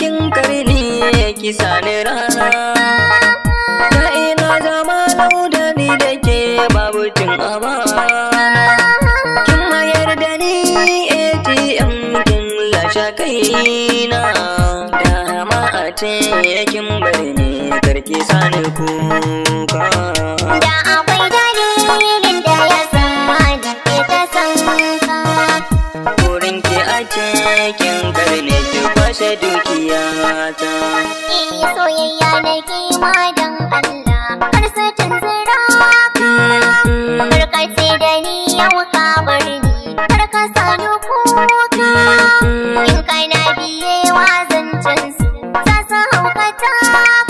kin karni ki sani rana ta ina zama lauda ni da ke babu cin amana kin mayar da ni ATM kin lashe kaina ma a ce kin bari ni karki sani kuka da da dukiya ta. Eh, soyayya na kima don Allah, har satin zira Kamar ka ce da ni yau ka bar ni, har ka sani kuka. In kana biye wa zancen su, za su haukata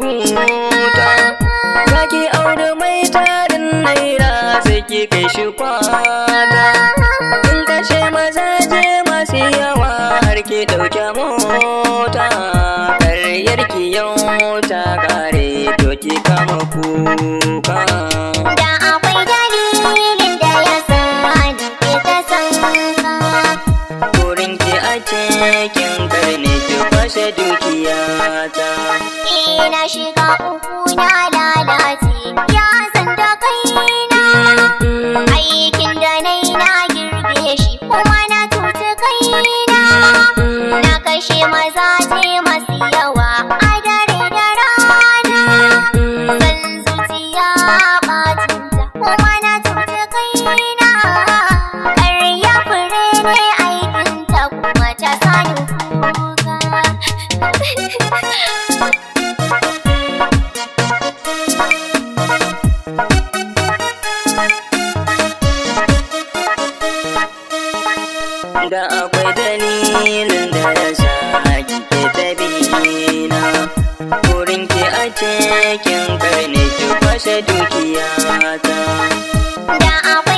rubuta zaki aure mai tarin naira sai ki kai shi kwata in kashe mazaje masu yawa har ki ɗauke mota karyar ki yau ta kare to ki kama kuka da akwai da ya sa ke ta ki a cikin karni kashe dukiyata. Ina eh, shiga uku na lalace. da akwai dalilin da ya sa kike dabina wurin ki a cikin karni ki kwashe dukiya ta da akwai